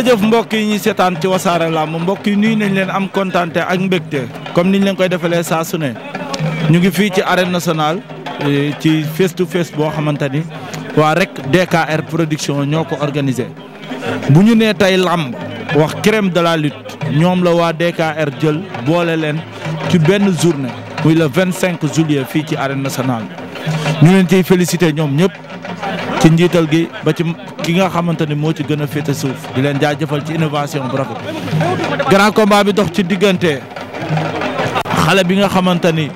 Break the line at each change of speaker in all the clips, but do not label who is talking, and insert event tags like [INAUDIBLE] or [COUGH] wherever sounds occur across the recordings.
jërëjëf mbokk yi ñu seetaan ci wasaare làmb mbokk yi nuyu nañ leen am kontaan ak mbégte comme niñ leen koy defalee saa ne ñu ngi fii ci arène nationale eh, ci face to face boo xamante ni waa rek DKR production ñoo ko organisé bu ñu nee tey làmb wax crème de ñoom la waa DKR jël boole leen ci benn journée muy le 25 juillet fii ci arène nationale ñu leen ciy félicité ñoom ñëpp. ci njiital gi ba ci ki nga xamante ni moo ci gën a féete suuf di leen jëfal ci innovation bu rafet grand combat bi dox ci diggante xale bi nga xamante ni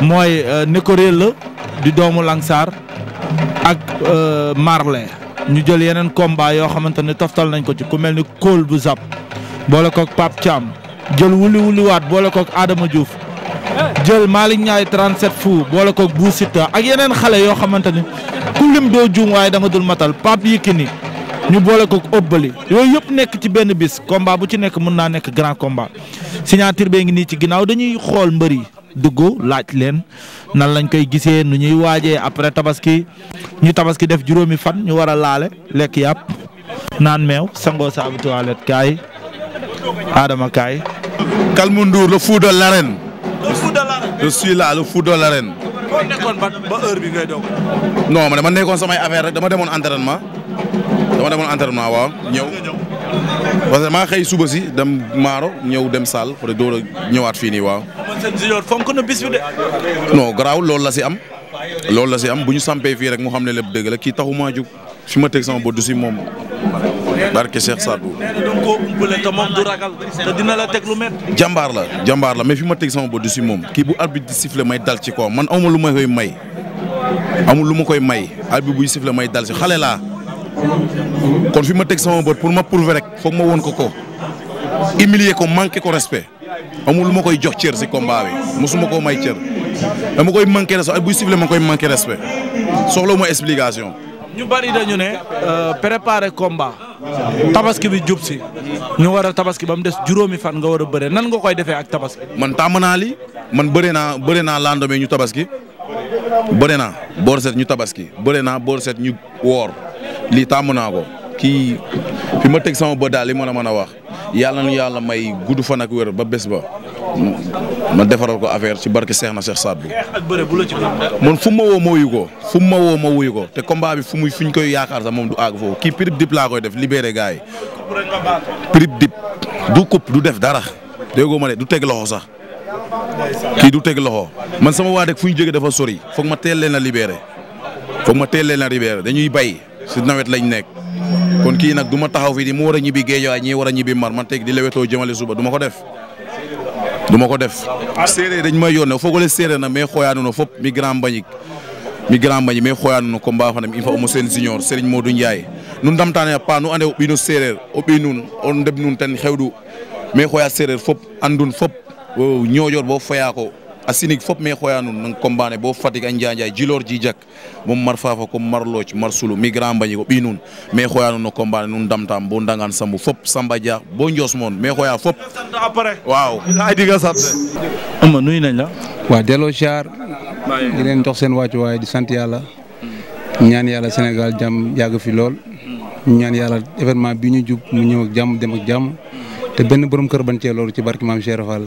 mooy Neko Réel la di doomu Langsar ak euh, Marley ñu jël yeneen combat yoo xamante ne toftal nañ ko ci ku mel ni Kool bu Zap boole koog Pape Thiam jël wuli wuliwaat boole koog Adama Diouf. jël Malick Ndiaye 37 fou boole ko Bou Siteu ak yeneen xale yoo xamante ni ku lim doo juum waaye da nga dul matal Pape Yékini ñu boole ko ëbbali yooyu yëpp nekk ci benn bis combat bu ci nekk mën naa nekk grand combat signature bee ngi nii ci ginnaaw dañuy xool mbër yi dugg laaj leen nan lañ koy gisee nu ñuy waajee après tabaski ñu tabaski def juróomi fan ñu war a laale lekk yàpp naan meew sangoo saabu toilette kaay Adama kaay. Kalmu Ndour le fou je suis là le foot de l'arène. boo heure bi ngay doog.
non man dama nekkoon samay affaire rek dama demoon entraînement dama demoon entraînement waaw ñëw. parce que maa xëy suba si dem Maaro ñëw dem Sall peut être door a ñëwaat fii nii waaw.
fonk na bis bi de.
non garaaw loolu la si am. loolu la si am bu ñu sampee fii rek mu xam ne lépp dëgg la kii taxu maa jug fi ma teg sama bopp du si moom. barke Cheikh Sadou.
nee na da nga koo du ragal te dina la teg lu métti.
jàmbaar la jambaar la mais fi ma teg sama bët du si moom kii bu arbitre di siffle may dal ci ko man amul lu ma koy may amul lu ma koy may arbitre buy siffle may dal ci xale laa kon fi ma teg sama bët pour ma prouver rek foog ma woon ko ko humilier ko manqué ko respe amul lu ma koy jox cër si combat bi mosuma koo may cër dama koy manqué respect ay buy ma koy manqué respect soxla ma explication.
ñu bari tabaski bi jub si ñu war a tabaski ba mu des juróomi fan nga war a bëre nan nga koy defee ak tabaski. man tàmm naa li man bëre naa bëre naa lendemain ñu tabaski
bëre naa boor set ñu tabaski bëre naa boor set ñu woor lii tàmm naa ko. kii fi ma teg sama bët daal li ma la mën a wax yàlla na yàlla may gudd fan ak wér ba bés ba ma defaral ko affaire ci barke Seex na Seex Saad
bu man
fu ma woo ma wuyu ko fu ma woo ma wuy ko te combat bi fu muy fu ñu koy yaakaar sax moom du àgg foofu kii prip dip laa koy def libéré gars yi prip dip du coupe du def dara déggoo ma ne du teg loxo sax kii du teg loxo man sama waa dëkk fu ñu jógee dafa sori foog ma teel na a libéré ma teel na a dañuy bay si nawet lañ nekk. kon kii nag du ma taxaw fi di mu war a ñibbi géejawaay ñi war a ñibbi mar man teg di lewetoo jëmale suba du ma ko def du ma ko def a séeréer dañ may yónnee foogale séeréer na mais xooyaanuno fop mi grand mbañik mi grand mbañik mais xooyaanuno ko a fana mi fa omo seen junior Serigne Modou Ndiaye nun ndamtaane a paa nu ande o ɓiino séeréer o ɓii nun o ndeb nun ten du mais xooya séeréer fop andun fop ñoojoor bo fayaa ko a sinig fop me xoyanun nang combane bo Fatick a Njanjaay Jilor Jijak bo mar fafa ko mar looc mar sulu migrant mbañigo ɓiy nuun me xoyanun no combane nun ndamtam bo ndangan sambu fop Samba Dia bo Ndios Moon me xoya fop
waaw
ama nuyu nañ la waaw delloo siyaar di leen jox seen wàccu waaye di sant yàlla ñaan yàlla Sénégal jàmm yàgg fi lool ñaan yàlla événement bi ñu jub mu ñëw ak jàmm dem te benn borom kër bañ cee loolu ci barki maam Cheikh Fall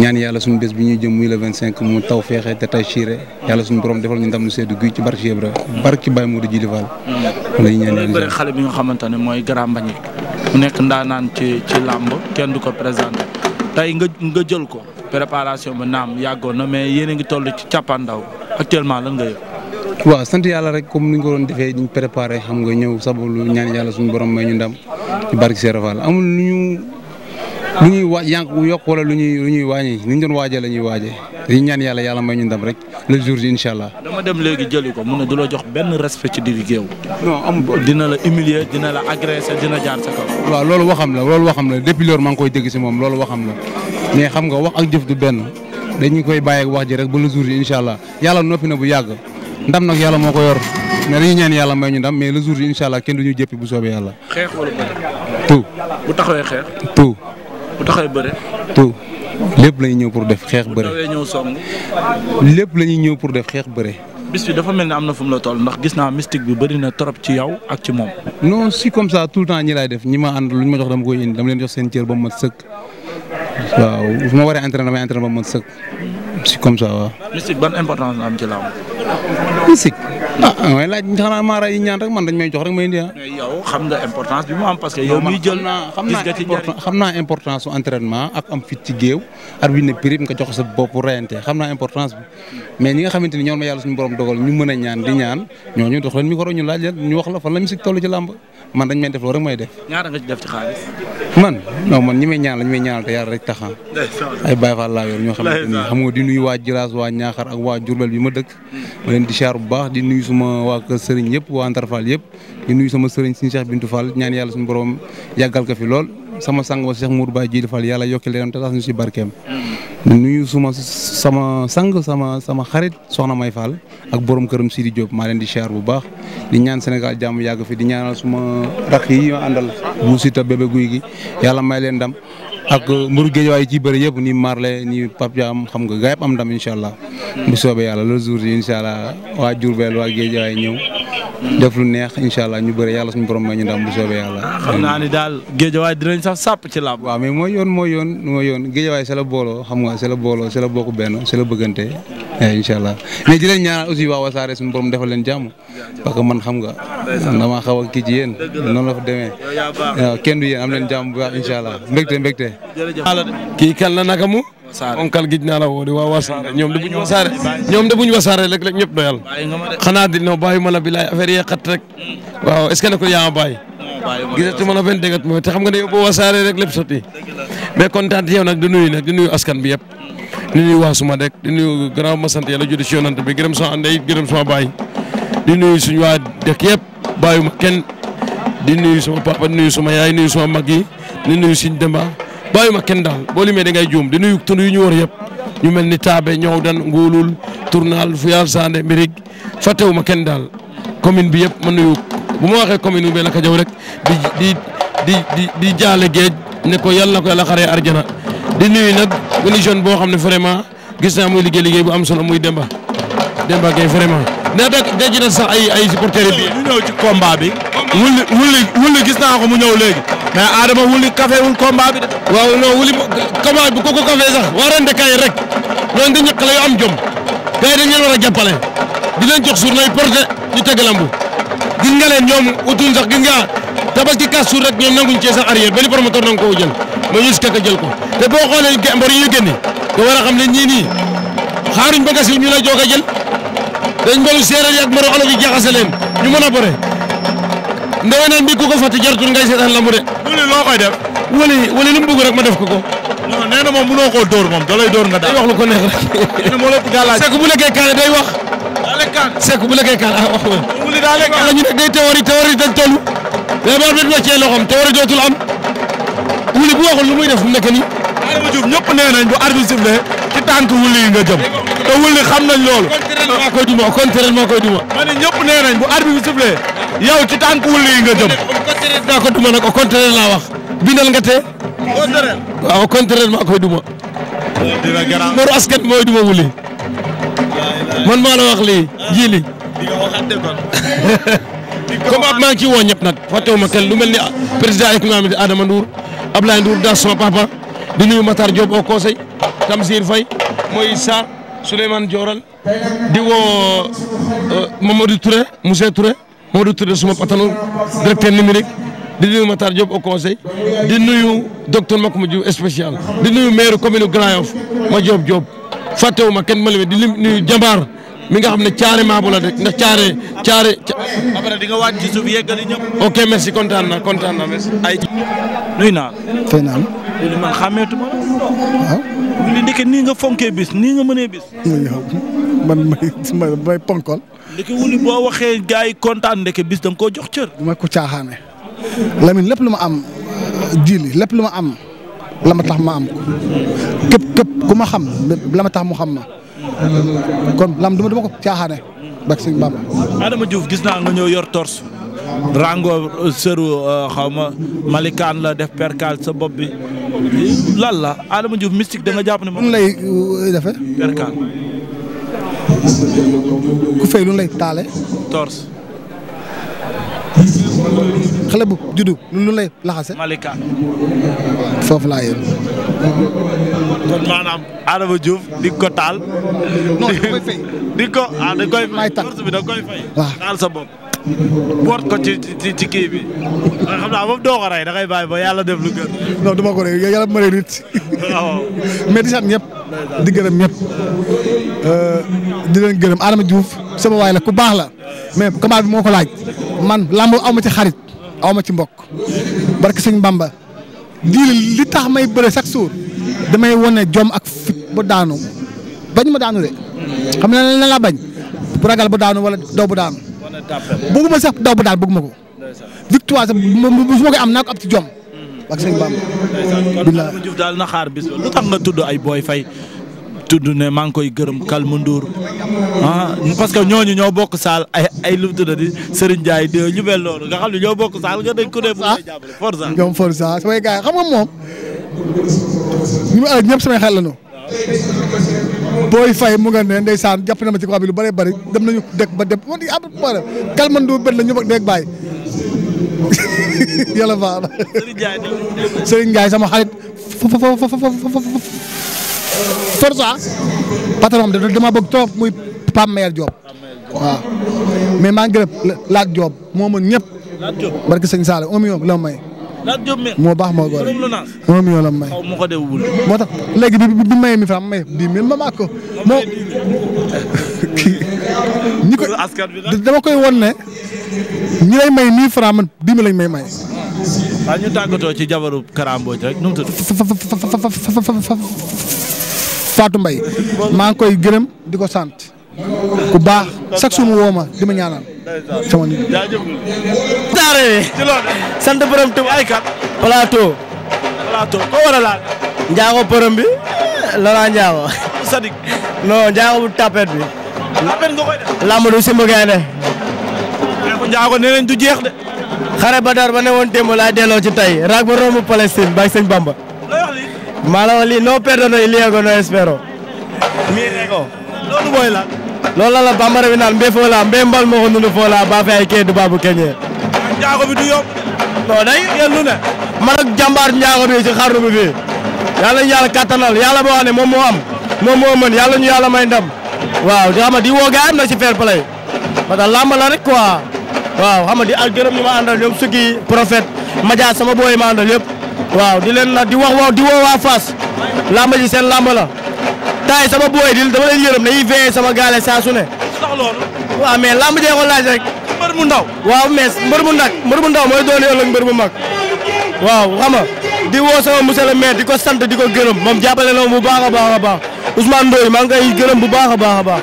ñaan yàlla suñu bés bi ñu jëm muy le 25 mu taw feexe te tay siire yàlla suñu borom defal ñu ndam lu seddu guy ci barki Cheikh Ibra barki Baye Modou Djili Fall mm. lañu
xale bi nga xamante ne mooy Grand mu nekk ndaanaan ci ci làmb kenn du ko présenté tey nga nga jël ko préparation bi naam yàggoon na mais yéen a ngi toll ci càppaandaw actuellement lan nga yëg
waaw sant yàlla rek comme ni nga ko doon defee ñu xam nga ñëw sababu ñaan yàlla suñu borom may ñu ndam ci barke Serigne Fall amul lu ñu lu ñuy wa yànq yokk wala lu ñuy lu ñuy wàññi ni ñu doon waajee la ñuy waajee dañuy ñaan yàlla yàlla may ñun ndam rek la jour ji incha dama
dem léegi jëli ko mun na du la jox benn respect ci digg géew. non amul dina la humilier dina la agresser dina jaar sa kaw.
waaw loolu xam la loolu waxam la depuis loolu maa ngi koy dégg si moom loolu xam la mais xam nga wax ak jëf du benn dañu koy bàyyi wax ji rek ba le jour ji incha allah yàlla noppi na bu yàgg ndam nag yàlla moo ko yor mais dañuy ñaan yàlla may ñu ndam mais le jour bi incha allah kenn du ñu jëppi bu soobee yàlla. xeex wala taxawee xeex. tout bu
taxawee bëre. tout
lépp ñëw pour def xeex bëre. bu tawee ñëw song. lépp la ñuy ñëw pour def xeex bëre.
bis bi dafa mel ni am na fu mu la ndax gis naa mystique bi bëri na trop ci yow ak ci moom.
non si comme tout le temps ñi laay def ñi ma ànd lu ñu ma jox dama koy indi leen jox seen cër ba mu mat waaw ma waree entraîné damay entraîné ba mu mat sëkk si comme ban important la am ci laaw. mystique ah may laaj xanaa man dañ may jox rek may indi ah. xam nga importance bi ak am fit ci géew ar bi ne prime nga jox sa bopp reyante mais ñi nga xamante ñoom ma yàlla suñu borom dogal ñu mën a ñaan di ñaan ñooñu dox leen micro ñu laaj leen ñu wax la fan la musique toll ci man dañ may def loolu rek may def.
ñaata nga ci def ci xaalis.
man ñaan lañ te yàlla rek taxaa ah. ay Baye Fall laa yor ñoo xamante xam nga di nuyu waa Jiraas waa Ñaaxar ak waa Jurbel bi ma dëkk hmm. ma di siyaar suma waa kër sëriñ yëpp waa Antar Fall yëpp di nuyu sama sëriñ suñu Cheikh Bintou Fall ñaan yàlla suñu borom yàggal ko fi lool sama sang wa Cheikh Mour Ba Jili Fall si barkeem. nuyu sama xarit soxna May Fall ak borom këram Sidi Diop maa leen di siyaar bu baax di ñaan Sénégal jàmm yàgg fi di ñaanal suma rakk yi ma àndal bu sita bébé guy gi yàlla may leen ndam ak mburu géej waay yi ciy bëri yëpp ni ni Pape xam nga gaay am ndam incha allah. bu soobee yàlla loolu jour yi incha allah waa Diourbel waa Guédiawaye ñëw. allah ñu bëre yàlla suñu borom ma ñu ndam bu soobee yàlla. xam naa ni daal Guédiawaye dinañ sax sàpp ci làmb. waaw mais mooy yoon mooy yoon mooy yoon Guédiawaye boolo la booloo xam nga c'est la booloo c'est la bokk benn c'est la bëggante eh, incha allah mais di leen ñaanal aussi waa wasaare suñu borom defal leen jàmm parce man xam nga damaa xaw a kii ci yéen noonu la fa demee waaw du yéen am leen jàmm bu baax incha allah kii kan la naka mu. onkal gij naa la woo di waa wasaare ñoom de buñ wasaare ñoom de buñ wasaare rek rek ñëpp doyal xanaa di no bàyyi ma la yee xat rek hmm. waaw est-ce ko yaa ma bàyyi gisatuma la benn dégat mooy te xam nga ne yow boo wasaare rek lépp sotti mais
kontaan yow nag di nuyu nag di nuyu askan bi yëpp di nuyu waa dek dëkk di nuyu gannaaw ma sant yàlla judi si bi gërëm sama ànday gërëm sama baay di nuyu suñu waa dëkk yëpp bàyyi ma kenn di nuyu sama papa di nuyu sama yaay nuyu sama mag yi di nuyu suñ demba bàyyi ma kenn daal boo limee da ngay juum di nuyu tund yu ñu war yëpp ñu mel ni Taabe ñow dan Nguulul Tournal Fuyal Sande Mbirig fàttewu ma kenn daal commune bi yëpp ma nuyu bu ma waxee commune bu Mbeelaka Jaw rek di di di di jaale géej ne ko yàlla na ko yàlla xaree arjana di nuyu nag benn jeune boo xam ne vraiment gis naa muy liggéey liggéey bu am solo muy Demba Demba Gueye vraiment. mais da daj na sax ay ay supporters yi. ñu bi. wulli wulli wulli gis naa ko mu ñëw léegi mais Adama wulli café wul combat bi de. waaw non wulli combat bi ku ko café sax waarante kay rek ñooñu di ñàkk la yu am jom gars yi war a jàppale di leen jox suur lay porté ñu teg lambu gis nga leen ñoom utuñ sax gis nga tabaski kas suur rek ñoom nanguñ cee sax arrière benn promoteur nangu koo jël ma ñu kaka jël ko te boo xoolee mbër yi ñu génne war a xam ne ñii nii xaaruñ ba si ñu la joog a jël dañ mbalu séeréer yi ak mbaru olof yi jaxase ñu mën a ndewenaan bi ku ko fàtte jartul ngay seetaan lamb de. wële loo koy def. wële wële rek ma def ko ko. non nee na moom mënoo koo dóor moom da lay dóor nga daal. wax lu ko neex rek. nee [LAUGHS] na moo bu lekkee kaane day wax. daa lekk kaan sekk bu lekkee ah, wax nga. wële daa ne day tewari tewari dañ toll. mais ba bi wàccee loxoom tewari dootul am. wële bu waxul lu muy def mu nekk nii. Adama Diouf ñëpp nee nañ tànk wulli nga jëm te wulli xam nañ loolu maa ah, koy duma ah, contrel maa koy duma ma ne ñëpp nee nañ bu arbitre bi sifflé yow ci tànk wulli nga jëm daa ko duma nag au contraire laa wax bindal nga te waaw au contraire maa koy duma mor askan mooy duma man maa la wax lii ji li [LAUGHS] combat maa ngi ci woo ñëpp nag fàttewuma kenn lu mel ni président économique Adama Ndour Ablaye Ndour daal sama papa di nuyu Matar Diop au conseil Tamsir Faye mooy Sarr Souleymane Dioral di woo ture euh, Touré monsieur Touré Mamadou Touré suma patanu directeur numérique di nuyu Matar Diop au conseil di nuyu docteur Makouma Diouf spécial di nuyu maire commune Grand Yoff ma Diop Diop fàttewuma kenn ma limee di nuyu jàmbaar mi nga xam ne caare maa bu la de nga wàcc ci suuf yeggali ñëpp. kontaan na kontaan na merci. ay nuyu naa la. fay naa waaw. li ah. ndeke nii nga fonkee bis nii nga mënee bis. man
may may ndeke wuli boo waxee gars yi kontaan ndeke bis da nga koo jox cër. bu ma ko caaxaane. Lamine lépp lu ma am euh, jiili lépp lu ma am la ma tax ma am ko képp ku ma xam la ma tax mu xam ma. kon lam duma duma ko caaxaane bak sëñ
Adama Diouf gis naa nga ñëw yor torse rango euh, sëru euh, xaw ma malikaan la def percal sa bopp bi lan la Adama Diouf mystique da nga jàpp ne moom lay
euh, defe percal ku fay lu lay taale torse xale bu juddu lu lay laxase. foofu laa yem. kon maanaam Adama Diouf ko taal. non da koy fay
[LAUGHS] di ko ah sa bopp. boot ko ci ci ci kii bi. xam naa boobu doo rey da ngay bàyyi ba yàlla def lu gën.
non du ma ko rey yàlla bu ma rey nit. waaw [LAUGHS] di sant ñëpp. di gërëm ñëpp. Euh, di leen gërëm Adama Diouf sama waay la ku baax la. mais combat bi moo ko laaj. man lamb amu ci xarit. aw ma ci mbokk barke sëñ Bamba di li tax may bëre chaque jour damay wane jom ak fit ba daanu bañ ma daanu de xam na la nga bañ bu ragal ba daanu wala daw bu daanu bëgguma sax daw bu daanu bëgguma ko victoire sax su ma koy am naa ko ab ci jom barke sëñ Bamba billaay
tudd ne maa ngi koy gërëm Calme parce que ñooñu ñoo bokk saal ay ay lu mu tudd di Serigne Ndiaye di ñu mel noonu nga xam ne ñoo bokk saal nga dañ ko dee. Forza ñoom
Forza samay mu nga jàpp na ma ci ko bi lu bëree bëri dem nañu dëkk ba dem man ab problème Calme Ndour bët la ñu bëgg dégg bàyyi yàlla baax na Serigne Ndiaye sama xarit. Forza patron bi dama bëgg trop muy Pape Mayer Diop waaw mais maa ngi gërëm Laat moo mën ñëpp. Laat Diop barke la may. moo baax moo góor un la may. moo tax léegi bi may mi fa may dix mille ma maa ko moo. ñi ko dama koy won ne ñi may mille francs man dix mille lañ may may.
ci jabaru Kara
Fatou Mbaye maa koy gërëm di ko sant ku baax chaque jour mu woo ma di ma ñaanal. sama nit
sant borom tëb ay kat. plateau. plateau koo war a laal. njaago borom njaago bu tapet bi. tapet du simb gaynde. njaago nee du jeex de. xare Badar ba ne woon démb laay delloo ci tey raag ba romb Palestine bàyyi sëñ Bamba. Malaw lii no perdono il liego no espero. loolu mooy la. loolu la bambara bi naan mbé foo la mbal moo ko nunu foo la ay kee du baabu keñee. bi du yomb. non day yéen lu ne. man ak jàmbaar njaago bi ci bi fii. yàlla ñu yàlla kattanal yàlla boo xam ne moom moo am moom moo mën yàlla ñu yàlla may waaw di xam ne na ci fair play parce que làmb rek quoi. waaw xam di ak gërëm ñu ma àndal ñoom sukki prophète Madia sama booy ma àndal waaw di leen di wax waaw di woo waa Fass lamba ji seen lamba la tay sama booy di dama leen yërëm dañuy veillé sama gaale saa su ne. sax mais lamba jee ko laaj rek. mbër mu ndaw. waaw mais mbër mu nag mbër mu ndaw mooy doon ëllëg mbër mu mag waaw xam nga di woo sama monsieur le maire di ko sant di ko gërëm moom jàppale na bu baax a baax a baax Ousmane Ndoye maa ngi koy gërëm bu baax a baax a baax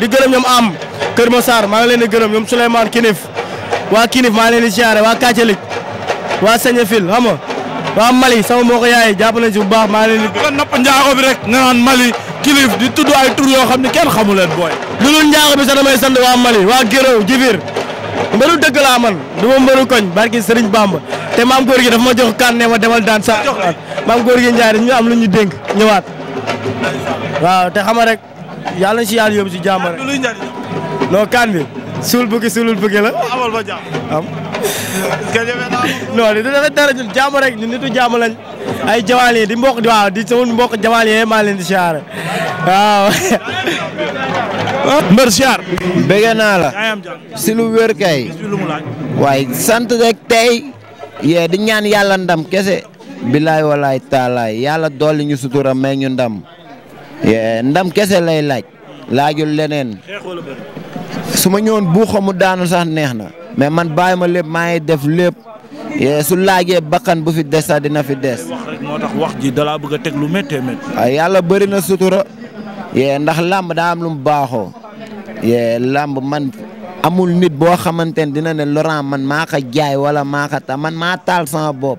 di gërëm ñoom am Kër Massar maa ngi leen di gërëm ñoom Souleymane Kinif waa Kinif ma ngi leen di siyaare waa Kacalik waa Mali sama mbokk yaay jàpp nañ bu baax maa leen di. nga njaago bi rek nga naan Mali kilif di tudd ay xam ne kenn xamu leen booy. lu dul njaago bi sax damay sant waa Mali waa Géréw Jifir mbëru dëgg laa man du ma mbëru koñ barki Serigne Bamba te maam góor gi dafa ma jox kan ne ma demal daan sa maam góor gi Ndiaye dañu am lu ñu dénk ñëwaat waaw te xama rek yàlla si yàlla yóbbu si jàmm rek non kan bi suul bukki suulul bukki la amal ba non li dina dara ñun rek ñun nitu jàmm lañ ay jawaal yi di mbokk
waaw di sama mbokk jawaal yi maa leen di siyaare waaw. [LAUGHS] mbër siyaar. bëgg naa la. kay. waaye sant rek tey. yee di ñaan yàlla ndam kese. bilaay walaay taalaay yàlla dolli ñu sutura may ndam. yee ndam kese lay laaj. laajul leneen. su ma ñëwoon buuxa mu daanu sax neex na. mais man bàyyi ma lépp maa ngi def lépp su laajee bakkan bu fi desa dina fi des.
wax rek bëgg a teg lu méttee métti.
Ah, yàlla bëri na sutura. ndax làmb daa am lu mu baaxoo. làmb man amul nit boo xamante ne dina ne Laurent man maa ka jaay wala maa ko ta man maa taal sama bopp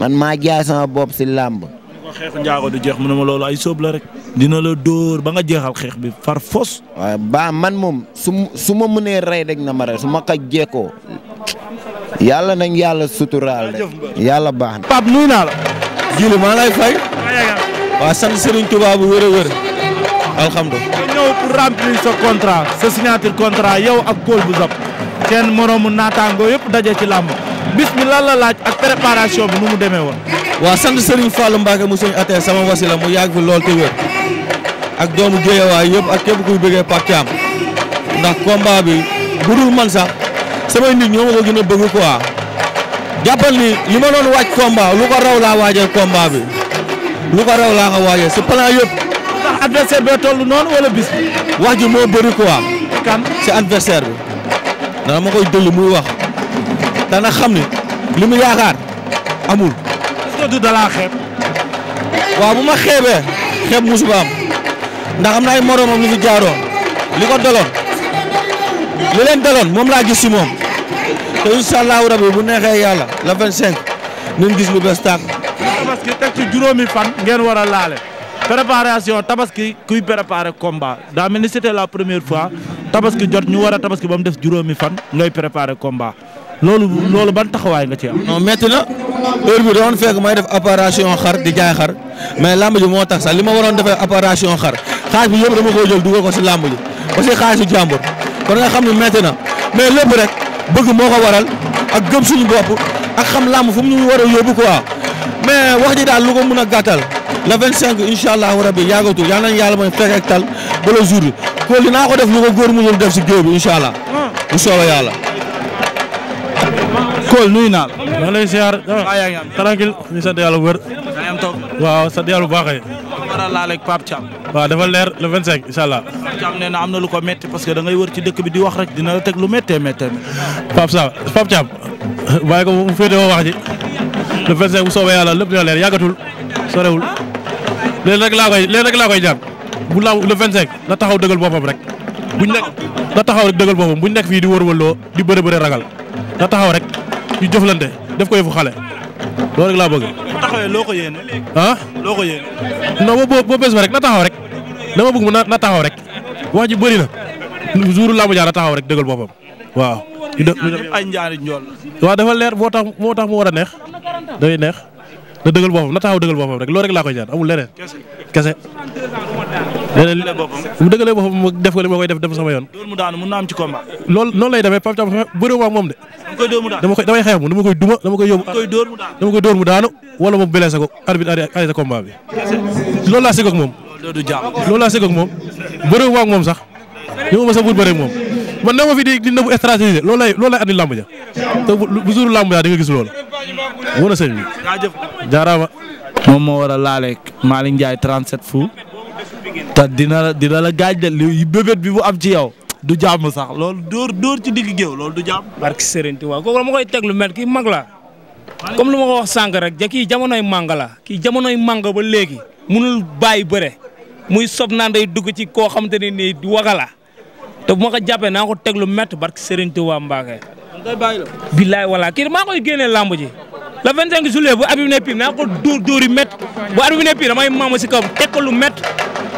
man maa jaay sama bopp si làmb. ko xeexu njaago du jeex mu ne ma loolu ay sóob la rek. dina la dóor ba nga jeexal xeex bi far fos. waaw ba man moom su su ma mënee rey rek na ma rey su ma ko jeekoo yàlla nañ yàlla suturaal rek yàlla baax na. Pape nuyu naa la. Jili maa lay fay. waaw sant Serigne Touba bu wër a wër. alhamdulilah. nga ñëw pour remplir sa
contrat ak Paul bu Zap. seen moroomu naataangoo yëpp daje ci làmb. bis bi lan la laaj ak préparation bi nu mu demee woon. waa sant Serigne Fallou Mbacke mu sëñ atee sama wasila mu yàgg fi lool te wér ak doomu Géejawaay yëpp ak képp kuy bëggee Pape ndax combat bi bu dul man sax samay nit ñoo ma ko gën a bëgg quoi jàppal ni li ma doon waaj combat lu ko raw laa waajee combat bi lu ko raw laa ko waajee si plan yëpp. ndax adversaire bee toll noonu wala bis. wax ji moo bëri quoi. kan si adversaire bi dana ma koy dana xam ni li mu yaakaar amul. est-ce bu ma xeebee xeeb musuba am ndax am na ay moromam lu fi jaaroo li ko doloon li leen doloon moom laa gis si moom te incha allahu rabi bu neexee yàlla la 25 nañ gis lu bees tàkk. tabaski teg ci juróomi fan ngeen war a laale préparation tabaski kuy préparer combat daa mel ni c'était la première fois tabaski jot ñu war a tabaski ba mu def juróomi fan ngay préparer komba loolu loolu ban taxawaay nga ci am. non métti na heure bi doon fekk may def opération xar di jaay xar mais lamb ji moo tax sax li ma waroon defe apparation opération xar xaalis bi yëpp dama ko jël dugal ko si lamb ji parce que xaalisu jàmbur kon nga xam ne métti na mais lépp rek bëgg moo ko waral ak gëm suñu bopp ak xam lamb fu mu ñu war a yóbbu quoi mais wax ji daal lu ko mun a gàttal le 25 incha allahu rabi yàggatul yal nañu yàlla mooy fekk ak tal ba le jour ko def lu ko góor mu def si géew bi incha allah bu yàlla. Kool nuyu naa la. maa lay ziar. waaw yaa ngi am tranquille ñu sant yàlla bu wér. yaa am taw. waaw sant yàlla bu baax a. war a laal ak Pape Thiam. waaw dafa leer le 25 incha allah. Pape Thiam nee na am na lu ko métti parce que da ngay wër ci dëkk bi di wax rek dina la teg lu méttee méttee. Pape Sa Pape ko mu féetewoo wax ji le 25 bu soobee yàlla lépp dina leer yàggatul sorewul léegi rek laa koy léegi rek bu la le 25 la taxaw dëggal boppam rek buñ nekk la taxaw rek dëggal boppam buñ nekk fii di wër-wërloo di bëre bëre ragal. na taxaw rek ñu jëflante def ko yëfu xale loolu rek laa bëgg. bu taxawee loo ko yéene. Ah? ko yéene. non ba rek na taxaw rek dama bëgg mu na taxaw rek wax ji bëri na jour làmb jaar na taxaw rek dëggal boppam waaw. ñu def ay njaari leer moo tax moo tax mu war a neex day neex na dëggal boppam na taxaw dëggal boppam rek loolu rek laa koy ñaan amul leneen kese. dëggalee boppam bu dëggalee boppam def ko li ma koy def def sama yoon. dóor mu daanu mën na am ci combat. loolu noonu lay demee Pape Thiam bëriwuma ak moom de. damay xeex mu dama koy duma dama koy yóbbu. moom. loolu laa moom sax yow ma sa buut bëri moom man ne ma fi di di nëbu stratégie loolu lay loolu lay andi làmb ja te bu suuru làmb ja di nga gis loolu wala sëñ bi jaaraama. moom moo war a laaleeg Malick Ndiaye 37 fu te la dina la gaañ de li bébét bi bu am ci yow du jàmm sax loolu dóor dóor ci digg géew loolu du jàmm. barke Serigne Touba kooku dama koy teg lu
mel kii mag la comme lu ma ko wax sànq rek ja kii jamonoy la kii jamonoy màng ba léegi munul bàyyi bëre ci koo xamante ne nii waga la te bu ma ko jàppee lu métti barke Serigne Touba Mbacke. billaay wala kii maa koy génnee làmb ji. le 25 juillet bu arbitre bi ne pire naa ko dóor dóor yu métti bu arbitre bi ne pire damay maamu si kaw lu métti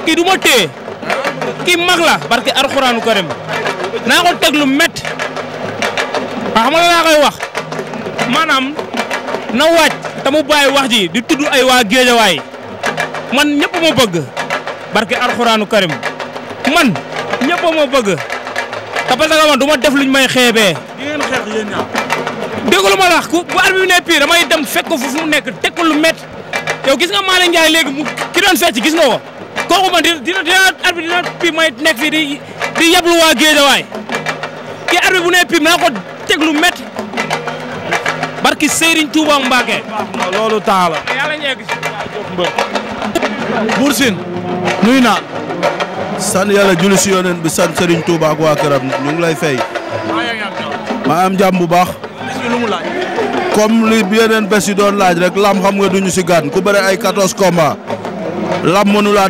kii du ma téye kii mag la barke alxuraanu karim naa ko teg lu métti waaw ah, xam nga laa koy wax maanaam na waaj te mu bàyyi wax ji di tudd ay waa géejawaay man ñëpp ma bëgg barke alxuraanu karim man ñëpp ma bëgg te parce que may xeebee. di ma wax ku bu at bi ne pire damay dem fekk ko fu mu nekk teg ko lu métti yow gis nga Malick Ndiaye léegi mu ki doon gis nga ko. kooku man dina dina arbitre dina pim may nekk fii di di waa Géejawaay kii arbitre bu ne pim naa ko teg lu barki Serigne Touba Mbacke.
loolu temps la. yàlla ñu egg si. Bour yàlla julli si yonent bi sant Serigne Touba waa këram ñu ngi lay fay. maa am jàmm bu baax. comme li yeneen bés yi doon laaj rek lam xam nga duñu si gan ku bëre ay 14 combats. lam mënu laa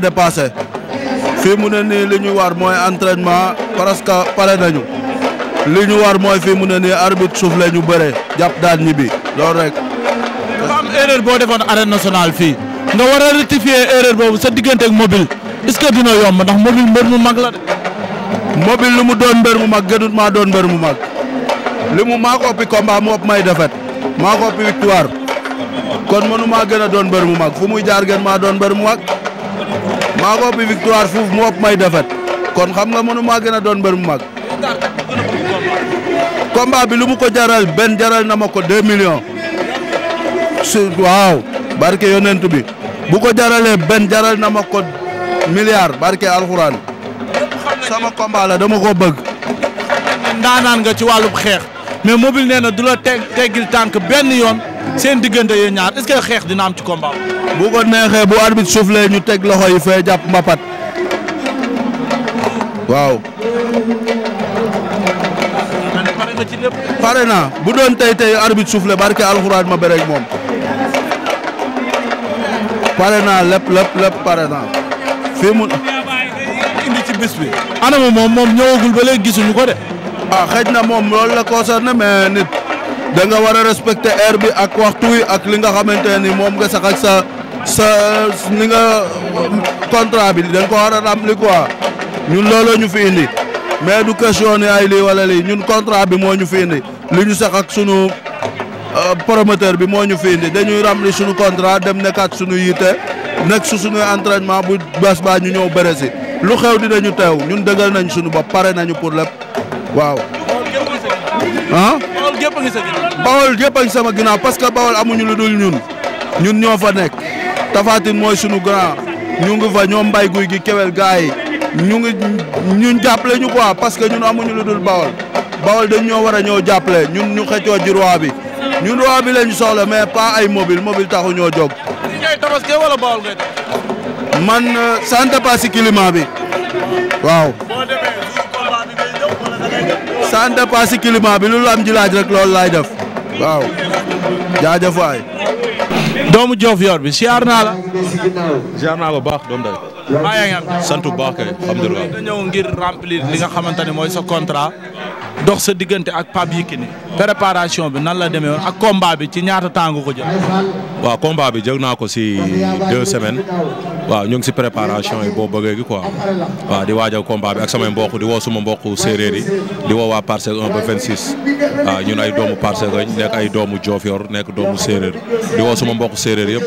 fii mu ne nii li ñu war mooy entraînement presque pare nañu li ñu war mooy fii mu ne nii arbitre suuf la ñu bëree jàpp daan ñibbi loolu rek. dafa am erreur boo defoon arène nationale fii nga war a rectifier erreur boobu sa diggante ak mobile est-ce que dina yomb ndax mobile mbër mu mag la de. mobile lu mu doon mbër mu mag gënut maa doon mbër mu mag li mu maa ko ëppi combat may defet maa ko ëppi kon mënu maa gën a doon mbër mu mag fu muy jaar gën mu maa ko ëpp victoire fuuf mu ëpp may défaite kon xam nga mënu maa gën a doon mbër mu mag. combat bi lu mu ko jaral benn jaral na ma ko 2 millions. su waaw barke yonent bi bu ko jaralee benn jaral na ma ko milliard barke alxuraan sama combat la dama ko bëgg. ndaanaan nga ci wàllub xeex mais mobile nee na du la teg teggil tànk benn yoon seen diggante yee ñaar est xeex dina am ci combat bu ko neexee bu arbitre soufflé ñu teg loxo yi fee jàpp mbapat waaw. pare naa bu doon tey tey arbitre soufflé barke alxuraan ma bëreeg moom. pare naa lépp lépp lépp pare naa fii mu. indi ci bis bi. anam moom moom ñëwagul ba léegi gisuñu ko de. ah xëj na moom loolu la concerné mais nit da nga war a respecter bi ak waxtu wi ak li nga xamante ni moom nga sax ak sa. sa ni nga contrat bi dañ ko war a rempli quoi ñun looloo ñu fi indi mais du question ni ay lii wala lii ñun contrat bi moo ñu fi indi li ñu sax ak sunu euh, promoteur bi moo ñu fi indi dañuy rempli sunu contrat dem nekkaat sunu yitte nekk su sunu entraînement bu bés baa ñu ñëw bëre si lu xew dinañu teew ñun dëggal nañ sunu bopp pare nañu pour lépp waaw. ah. Bawol
gépp a ngi sama ginnaaw parce que Bawol amuñu lu dul ñun ñun ñoo fa nekk. Tafatine mooy sunu
grand ñu ngi fa ñoom mbay guy gi kewel gars ñu ngi ñun jàppale ñu quoi parce que ñun amuñu lu dul bawol bawol dañ ñoo war a ñëw jàppale ñu xëccoo ji roi bi ñun roi bi lañ soxla mais pas ay mobile mobile taxu ñoo jóg. wala bawol ngay def. man sant euh, pas si climat bi waaw. sant pas si climat bi lu am ji laaj rek loolu laay def waaw jaajëf doomu Joof bi siyaar naa la. siyaar naa la bu baax doomu day maa yaa ngi am sant bu baax kay alhamdulilah. nga ngir remplir li nga xamante ne mooy sa contrat. dox sa diggante ak Pape Yékini. préparation bi nan la demee ak combat bi ci ñaata temps ko jël. waaw combat bi jël naa ko si deux semaines. waaw ñu ngi si préparation yi boo bëggee gi quoi waaw di waajal combat bi ak samay mbokk di woo
suma mbokk séeréer yi di woo waa parcelle 1 ba 26
waaw ñun ay doomu
parcelle lañ nekk ay
doomu Diofior nekk doomu séeréer di woo suma mbokk séeréer yëpp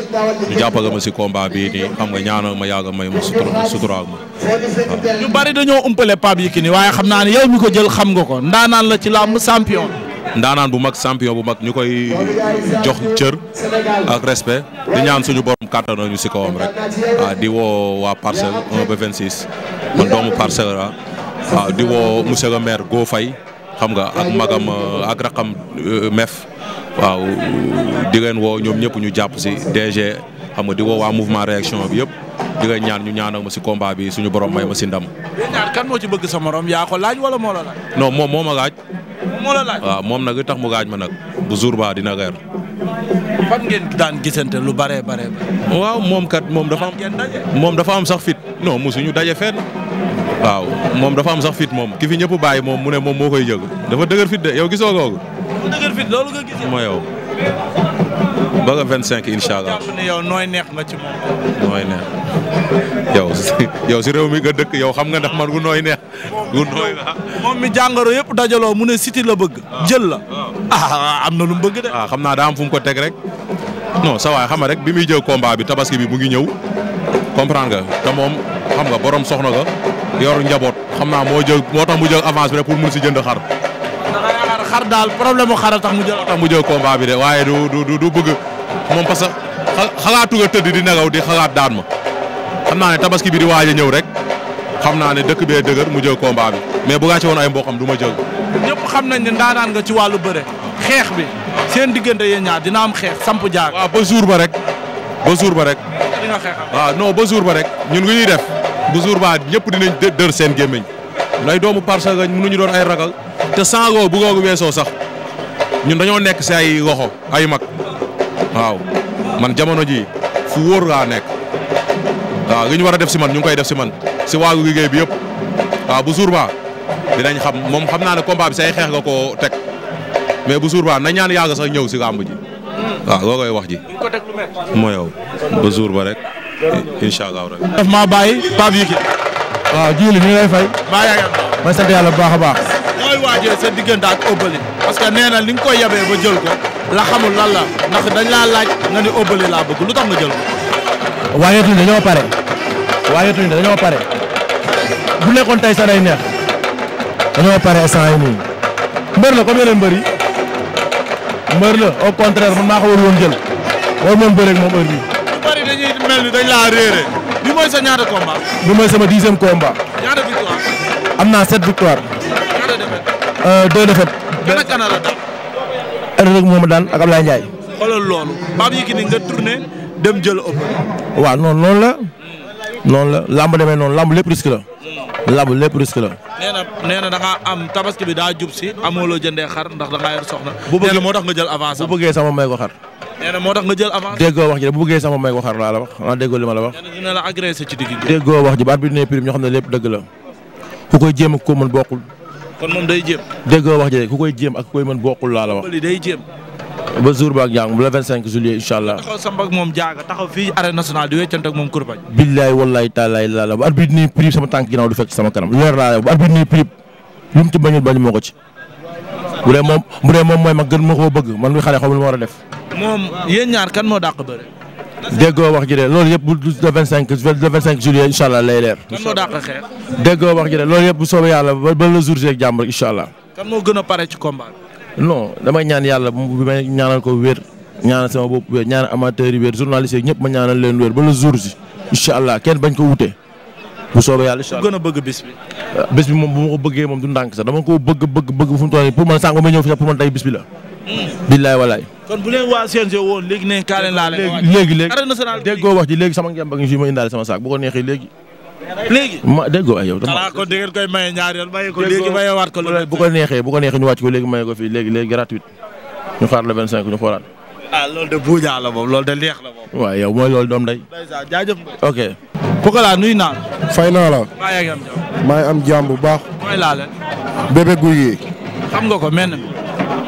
ñu jàppale ma si combat bii nii xam nga ñaanal ma yàgg may ma sutura suturaal ma
waaw. ñu
bari dañoo umpale Pape Yékini waaye xam naa ne yow ko jël xam nga ko ndaanaan la ci làmb champion. ndaanaan bu mag champion bu mag ñu koy
jox cër
ak
respect di ñaan suñu borom kàttanoo ñu si rek
a ah,
di woo waa parcelle 1 ba 26 man doomu parcelle la waaw ah, di woo monsieur le maire Go fay xam nga ak magam euh, ak rakam euh, mef
waaw di leen woo ñoom ñëpp ñu jàpp si DG xam nga di woo waa mouvement réaction bi yëpp di nga ñaan ñu ñaanal ma si combat bi suñu borom may ma si yaa ko laaj wala moo laaj. non moom moo ma moo waaw moom nag tax mu gaaj ma nag bu jour ba dina gër. fan ngeen daan gisante lu bare bare waaw moom kat moom dafa am moom dafa am sax fit non mosuñu daje fenn. waaw moom dafa am sax fit moom ki fi ñëpp bàyyi moom mu ne moom moo koy jëg dafa dëgër fit de yow gisoo googu. mu dëgër fit loolu nga gis. yow ba nga 25 incha yow nooy neex nga ci nooy neex. yow si réew mi nga dëkk yow xam nga ndax man gu nooy neex gu moom mi jàngoro yëpp dajaloo mu ne Siteu la bëgg. jël la ah, ah, ah, am na lu mu bëgg de. ah xam naa daam am fu mu ko teg rek no sa waay xam nga rek bi muy jël combat bi tabaski bi mu ngi ñëw comprendre nga te moom xam nga borom soxna nga yor njaboot xam naa moo jël moo tax mu jël avance bi rek pour mun si jënd xar. daal problème mu xar a mu jël. tax mu jël combat bi de waaye du bëgg moom parce que xalaatu tëdd di nagaw di xalaat daan ma. xam naa ne tabaski bi di waaj a ñëw rek xam naa ne dëkk bee dëgër mu jël combat bi mais bu gàcce woon ay mboqam du ma jël. ñëpp xam nañ ne ndaanaan nga ci wàllu bëre xeex bi seen diggante yéen ñaar dina am xeex samp jaar. waaw ba jour ba rek ba jour ba rek. dina no ba jour ba rek ñun lu ñuy def bu jour ba ñëpp dinañ dër seen gémmiñ lay doomu
parce que mënuñu doon ay ragal te sangoo bu googu weesoo sax ñun dañoo nekk si ay loxo ay mag waaw man jamono ji fu wóor laa nekk. waaw li ñu war a def si man ñu ngi koy def si man si waagu liggéey bi yëpp waaw bu jour ba
dinañ xam moom xam naa ne combat say xeex nga ko teg mais bu jour ba na ñaan yàgg sa ñëw si làmb ji hmm. waaw loo koy wax ji moo yow ba ba rek incha allah rabbi daf maa bàyyi Pape Yiki waaw jili ñu lay fay baa yaa may yàlla bu baax a baax sa diggante ak parce que nee na li nga koy yabee ba jël ko la xamul dañ laa laaj nga ni Obali laa bëgg nga jël waayeetuñ dañoo pare waayeetuñ dañoo pare bu nekkoon tey sax day neex dañoo pare instant yii nii mbër la comme yeneen mbër yi mbër la au man maa ko war jël war moom bëreeg moom heure bii. dañuy mel ni dañ laa réeré bi mooy sa ñaata combat. bi mooy sama dixième combat. ñaata am naa sept victoire. ñaata défaite. Euh, deux défaites. gën a kan la daan. rek moom daan ak Ablaye Ndiaye. xoolal loolu. Pape Yékini nga tourné. dem jël ëpp. waaw noon noonu la. noonu la làmb demee noonu làmb lépp risque la. làmb lépp risque la. nee na na da ngaa am tabaski bi daa jub si amoo loo jëndee xar ndax da ngaa yor soxna. bu bëggee moo tax nga jël avance bu bëggee sama may ko xar. nee na moo tax nga jël avance. wax ji bu bëggee sama may ko xar laa la wax ah déggoo li ma la wax. dina la agressé ci digg bi. wax ji baat bi ne prime ñoo xam ne lépp dëgg la ku koy jéem ak ku ko moom day jéem. déggoo wax ji ku koy jéem ak ku koy mën bokkul laa la wax. day jéem ba jour ba ak jàmm le 25 moom jaaga taxaw moom kurbañ. billaay bu la bu arbitre nii prix ko ci. bu moom bu dee moom mooy mag gën ma koo bëgg man mi xale xaw a def. moom kan moo dàq bëre. déggoo wax ji loolu yëpp bu le 25 le 25 lay leer. kan moo dàq xeex. déggoo wax yàlla ba ba le jour J ak jàmm rek a pare ci combat non damay ñaan yàlla bu ma ñaanal ko wér ñaanal sama bopp wér ñaanal amateur yi wér journaliste yi ñëpp ma ñaanal leen wér ba le jour si incha allah kenn bañ ko wute bu soobee yàlla incha allah gën a bëgg euh, bis bi. moom bu ma ko bëggee moom du ndànk sax dama ko bëgg bëgg bëgg fu mu toll nii pour man sànq ma ñëw fi sax pour man tey bis la.
Hmm. billaay
walaay. kon bu leen waa CNG woon léegi ne kaa leen laa leen. léegi léegi léegi sama ko neexee léegi léegi ma déggoo ay yow. xanaa kon di ngeen koy maye ñaar yoon maye ko léegi maye waat ko. bu ko neexee bu ko neexee ñu wàcc ko léegi maye ko fii léegi gratuit ñu xaar le 25 ñu xoolaat. ah loolu de buujaa la moom loolu de neex la moom. waaw yow mooy loolu doom day. jaajëf ok. Pokola nuyu naa la. fay naa la. maa am jàmm. bu baax. laa leen. bébé guy gi. xam nga ko menn.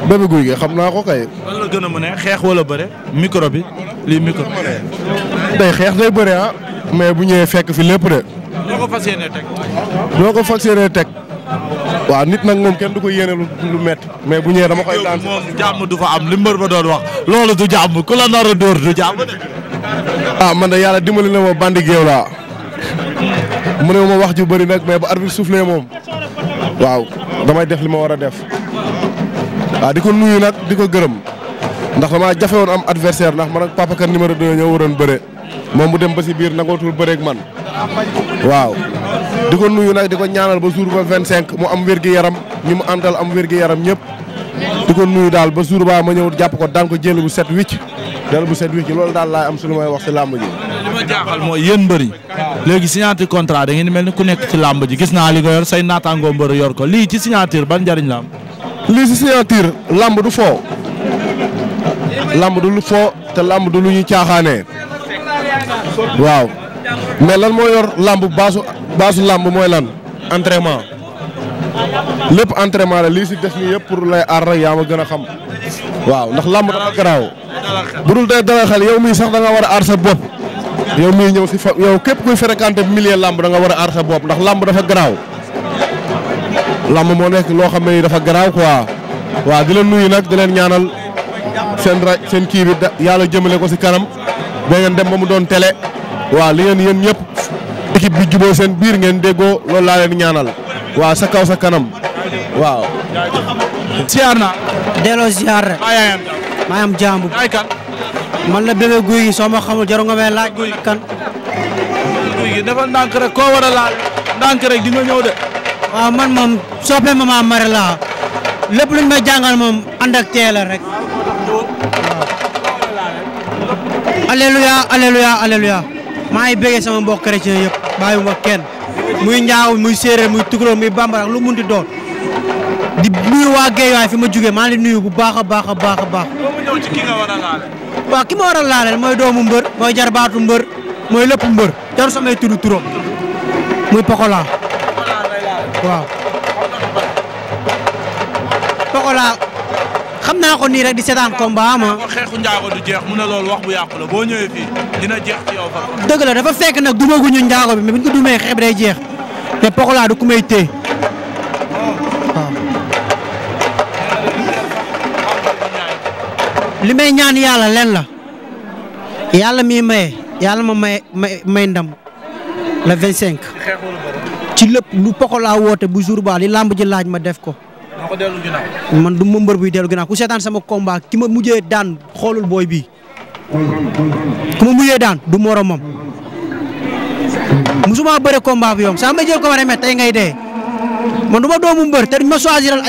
bébé guy gi xam naa ko kay. a mën a xeex wala bëre micro bi lii micro. day xeex day bëre ah. mais bu ñëwee fekk noo ko fas yéenee teg. ko fas yéenee teg. waaw nit nag moom kenn du ko yéene lu métti mais bu ñëwee dama koy daan moom du fa am li mbër ba doon wax loolu du jàmm ku la nar a du jàmm ah man de yàlla dimbali na ma bandi géew laa mu ne ma wax ju bari nag mais ba arbitre soufflé moom waaw damay def li ma war a def waaw ah, di ko nuyu nag di ko gërëm ndax damaa jafe woon am adversaire ndax man ak Papa Kane numéro 2 ñoo waroon bëre. moom mu dem ba si biir nangootul bëreeg man waaw di ko nuyu nag di ko ñaanal ba suur ba cinq mu am wér yaram ñi mu àndal am wér yaram ñëpp di ko nuyu daal ba suur ba ma ñëw jàpp ko daan ko jël bu set wicc dal bu set wicc loolu daal laay am su lu may wax si làmb ji li mooy yéen mbëri léegi signature contrat da ngeen mel ni ku nekk ci làmb ji gis naa li nga yor say naataangoo mbëri yor ko lii ci signature ban njariñ la am lii si signature làmb du foo làmb du lu foo te làmb du lu ñu caaxaanee waaw mais lan moo yor làmb baasu baasu làmb mooy lan entraînement lépp entraînement la lii si des nii yëpp pour lay aar rek yaa ma gën a xam waaw ndax làmb dafa garaaw bu dul day dalal xel yow mii sax da war a aar sa bopp yow mii ñëw si fa yow képp kuy fréquenté milieu làmb danga war a aar sa bopp ndax làmb dafa garaaw làmb moo nekk loo xam ne dafa garaaw quoi waaw di leen nuyu nag di leen ñaanal seen ra seen kii bi yàlla jëmale ko si kanam da ngeen dem ba mu doon télé waa li ngeen yéen ñëpp bi juboo seen biir ngeen déggoo loolu laa leen ñaanal waaw sa kaw sa kanam
waaw. siyaar naa. delloo siyaar rek. maa am jàmm. man la bébé guy gi soo ma xamul jarul nga may laaj. guy kan. guy gi dafa rek koo war a laal ndànk rek di nga ñëw de. waaw man moom soppe ma maa mare laa lépp luñ may jàngal moom ànd ak teel rek. alléluia alléluia alléluia maa ngi bëggee sama mbokk chrétien yëpp bàyyiwuma kenn muy njaaw muy séeréer muy tukulóor muy bambara ak lu mu munti doon di nuyu waa Guédiawaye fi ma jugee maa ngi nuyu bu baax a baax a baax a baax. waaw ki ma war laaleel mooy doomu mbër mooy jarbaatu mbër mooy lépp mbër jar samay tudd turam muy Pokola waaw Pokola. xam naa ko nii rek di seetaan combat am ah.
xeexu njaago du jeex mu ne loolu wax bu yàqula boo ñëwee fii dina jeex ci yow dëgg la
dafa fekk nag dumaguñu njaago bi mais buñ ko dumee xeex bi day jeex te Pokola du ku may téye waaw. li ñaan yàlla leen la yàlla mi maye yàlla ma may may ndam le cinq ci lëpp lu Pokola woote bu jour ba li làmb ji laaj ma def ko. man du ma mbër buy dellu ginnaaw ku seetaan sama combat ki ma mujjee daan xoolul booy bii ku ma mujjee daan du moromam musuma bëre combat bi yomb saa may jël ko war a met tey ngay dee man du ma doomu mbër te duñ ma choisiral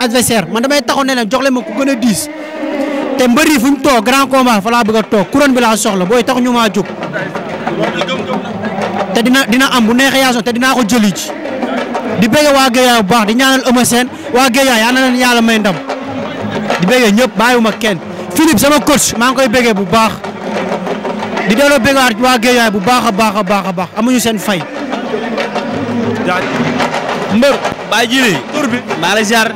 adversaire man damay taxaw ne leen jox leen ma ku gën a diis te mbër yi fu ñu toog grand combat fa laa bëgg a toog couronne bi laa soxla booy tax ñu maa jóg te dina dina am bu neexee yaa te dinaa ko jëli ci di bëgg waa Guédiawaye bu baax di ñaanal Eumeu seen waa Guédiawaye yal na leen yàlla may ndam di bëgg ñëpp bàyyiwuma kenn Philippe sama coach maa ngi koy bëggee bu baax di delloo bëgg waa Guédiawaye bu baax a baax a baax a baax amuñu seen fay. mbër baa jili tur bi maa lay jaar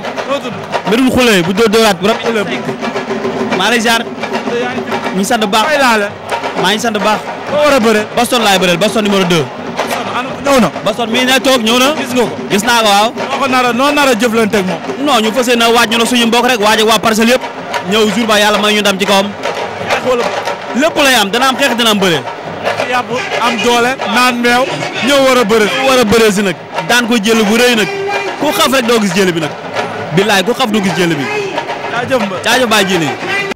bu dóor dóoraat bu rab ëllëg maa lay
jaar ñu sant baax maa ngi sant baax boo war a bëre Boston laay bëreel Boston numéro 2 ñëw na Baston mii ne toog ñëw na. gis nga gis naa ko waaw. noo ko nar a noo nar a jëflante ak moom. non ñu fas yéene waaj ñu ne suñu mbokk rek waaj ak waa parcelle yëpp ñëw jour ba yàlla may ñu ndam ci kawam. lépp lay am dana am xeex dana am bëre. yàpp am doole naan meew ñëw war a bëre. war a bëre si nag daan ko jël bu rëy ku xaf rek doo gis jël bi nag. billaay ku xaf du gis jël bi.
jaajëf
ba jaajëf ba